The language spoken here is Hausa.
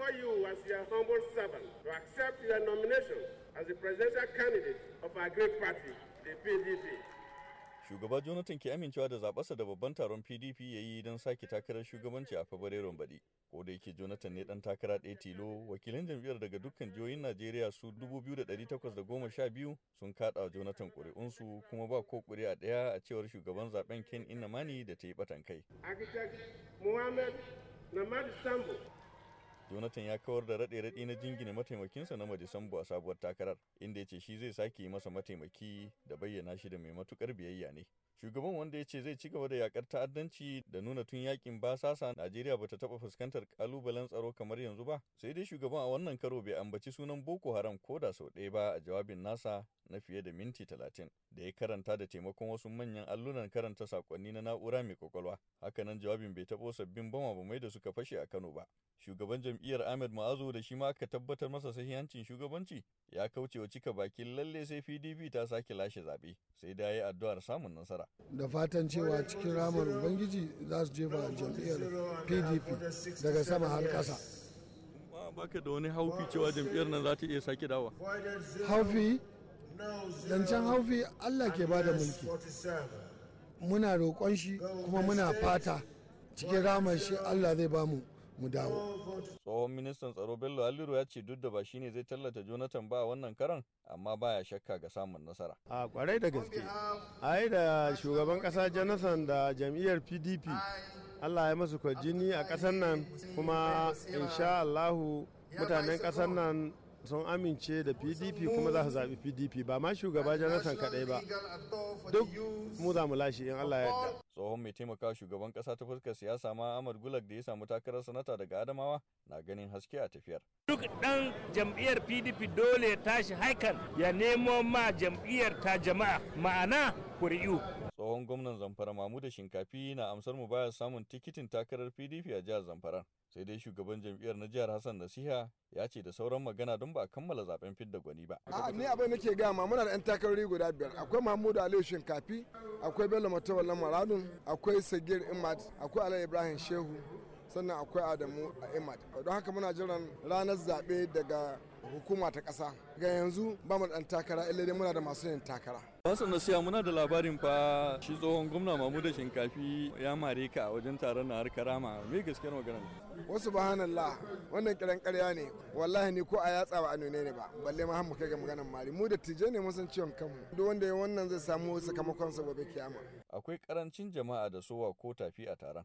before you as your humble servant to accept your nomination as the presidential candidate of our great party, the PDP. shugaba jonathan ke amincewa da zaɓarsa da babban taron pdp ya yi don sake takarar shugabanci a fabrairun baɗi ko da yake jonathan ne ɗan takara ɗaya tilo Wakilin jam'iyyar daga dukkan jihohin najeriya su 2,812 sun kaɗa jonathan su kuma ba ko ƙuri'a ɗaya a cewar shugaban zaben ken inamani da ta yi batan kai architect muhammad namadi sambo Jonathan ya kawar da raɗe-raɗe na jingina mataimakinsa na Madisambu a sabuwar takarar, inda ya ce shi zai sake yi masa mataimaki da bayyana shi da mai matukar biyayya ne. Shugaban wanda ya ce zai ci gaba da yakar ta'addanci da nuna tun yakin basasa Najeriya bata taba fuskantar kalubalen tsaro kamar yanzu ba, sai dai shugaban a wannan karo bai ambaci sunan Boko Haram ko da sau ɗaya ba a jawabin nasa na fiye da minti talatin da ya karanta da taimakon wasu manyan allunan karanta sakonni na na'ura mai kwakwalwa hakanan jawabin bai taɓo sabbin bama ba mai da suka fashe a kano ba shugaban jam'iyyar Ahmed Ma'azu da shi ma aka tabbatar masa sahihancin shugabanci ya kaucewa cika bakin lalle sai PDP ta sake lashe zaɓe sai da yi addu'ar samun nasara. Da fatan cewa cikin ramar Ubangiji za su jefa jam'iyyar PDP daga sama har ƙasa. baka da wani haufi cewa jam'iyyar nan za ta iya sake dawa. Haufi? Zancen haufi Allah ke ba da mulki. Muna roƙon shi kuma muna fata cikin ramar shi Allah zai ba mu. mu dawo. Tsohon ministan tsaro Bello Aliru ya ce duk da ba shine zai tallata Jonathan ba wannan karan amma baya shakka ga samun nasara. A kwarai da gaske. Ai da shugaban kasa Jonathan da jam'iyyar PDP Allah ya masu kwajini a ƙasar nan kuma insha Allahu mutanen ƙasar nan sun amince da pdp kuma za su zaɓi pdp ba ma shugaba jonathan kaɗai ba duk mu za mu lashe in allah ya tsohon mai taimaka shugaban ƙasa ta fuskar siyasa ma ahmad gulag da ya samu takarar sanata daga adamawa na ganin haske a tafiyar duk ɗan jam'iyyar pdp dole ya tashi haikan ya nemo ma jam'iyyar ta jama'a ma'ana kuri'u tsohon gwamnan Zamfara Mamuda Shinkafi na amsar mu baya samun tikitin takarar PDP a jihar Zamfara. Sai dai shugaban jam'iyyar na jihar Hassan Nasiha ya ce da sauran magana don ba a kammala zaben fidda gwani ba. A ni abin nake gaya ma muna da 'yan takarori guda biyar akwai Mahmudu Aliyu Shinkafi akwai Bello Matawallan Maradun akwai Sagir Imad akwai Alayi Ibrahim Shehu sannan akwai adamu a imad don haka muna jiran ranar zaɓe daga hukuma ta ƙasa ga yanzu ba mu ɗan takara illa dai muna da masu yin takara masu nasiya muna da labarin fa shi tsohon gwamna da shinkafi ya mare ka a wajen taron na harkar rama. me gaske na magana wasu bahanallah wannan kiran karya ne wallahi ni ko a yatsa ba a ne ba balle ma mu kai ga maganar mari mu da tije ne mun san ciwon kanmu duk wanda ya wannan zai samu sakamakon sa gobe kiyama akwai karancin jama'a da sowa ko tafi a taron